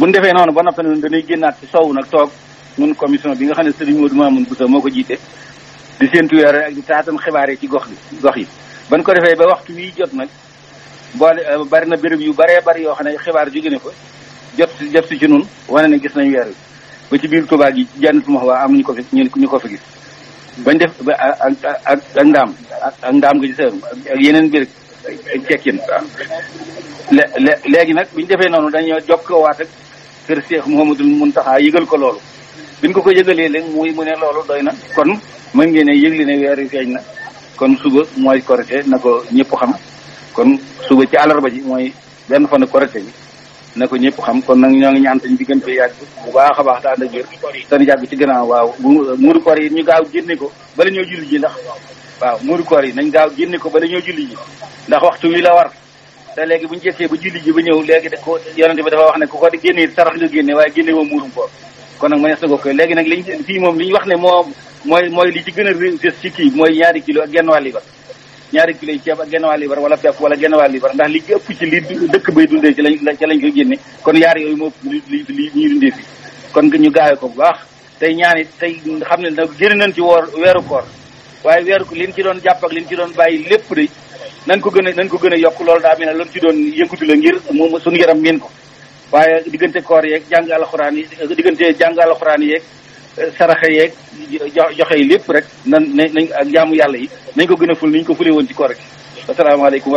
bu ñu defee noonu ba noppi nag dañuy génnaat ci sow nag toog ñun commission bi nga xam ne sëriñ Modou Mamoun Bousso moo ko jiite di séentu weer ak di taatam xibaar yi ci gox bi gox yi ban ko defee ba waxtu wii jot nag boole euh, bari na béréb yu baree bari yoo xam ne xibaar jóge na fa jot si si ci nun wane gis nañ weer ba ci biir Touba gi jànn tu waa am ñu ko fi ñu ko fi bañ def ak ak ak ndaam ak ndaam gi ci seen ak yeneen biir cekkin waaw léegi nag biñu defee noonu dañoo jokkoowaat ak kër Cheikh Mouhamadul Mountakha yëgal ko loolu biñ ko ko yëgalee léegi muy mu ne loolu doy na kon mën ngeen ne yëgle ne weer wi feeñ na kon suba mooy korite na ko ñëpp xam kon suba ci àllarba ji mooy benn fan korite bi na ko ñëpp xam kon nag ñoo ngi ñaan tañ diggante yàgg bu baax a baax da daal dëgg tan yàgg ci gannaaw waaw muuru koor yi ñu gaaw génne ko bala ñoo julli ji ndax waaw muuru koor yi nañ gaaw génne ko bala ñoo julli ji ndax waxtu wi la war te léegi bu ñu jëkkee ba julli ji ba ñëw léegi de ko dafa wax ne ku ko génnee sarax nga génne waaye génne woo muurum koor kon nag mënees na ko koy léegi nag liñ fii moom li ñu wax ne moo mooy mooy li ci gën a des ci kii mooy ñaari kilo ak genn wàll libar ñaari kilo yi ceeb ak genn wàll libar wala pepp wala genn wàll libar ndax li ci ëpp ci li dëkk bay dundee ci lañ ci lañ koy génne kon yaar yooyu moo li li ñuy dundee fi kon ñu gaawee ko bu baax tey ñaani tey xam ne nag génn nañ ci woor weeru koor waaye weeru ko liñ ci doon jàpp ak liñ ci bàyyi lépp de nañ ko gën a nañ ko gën a yokk lool daa mel ne lan ci doon yëngatu la ngir mu suñu yaram miin ko waaye diggante koor yeeg jàng alxuraan yi diggante jàng alxuraan yeeg eh, saraxa yeeg joxe yi lépp rek nan nañ ak jaamu yàlla yi nañ ko gën a ful ni ñu ko fulee woon ci koor gi asalaamaaleykum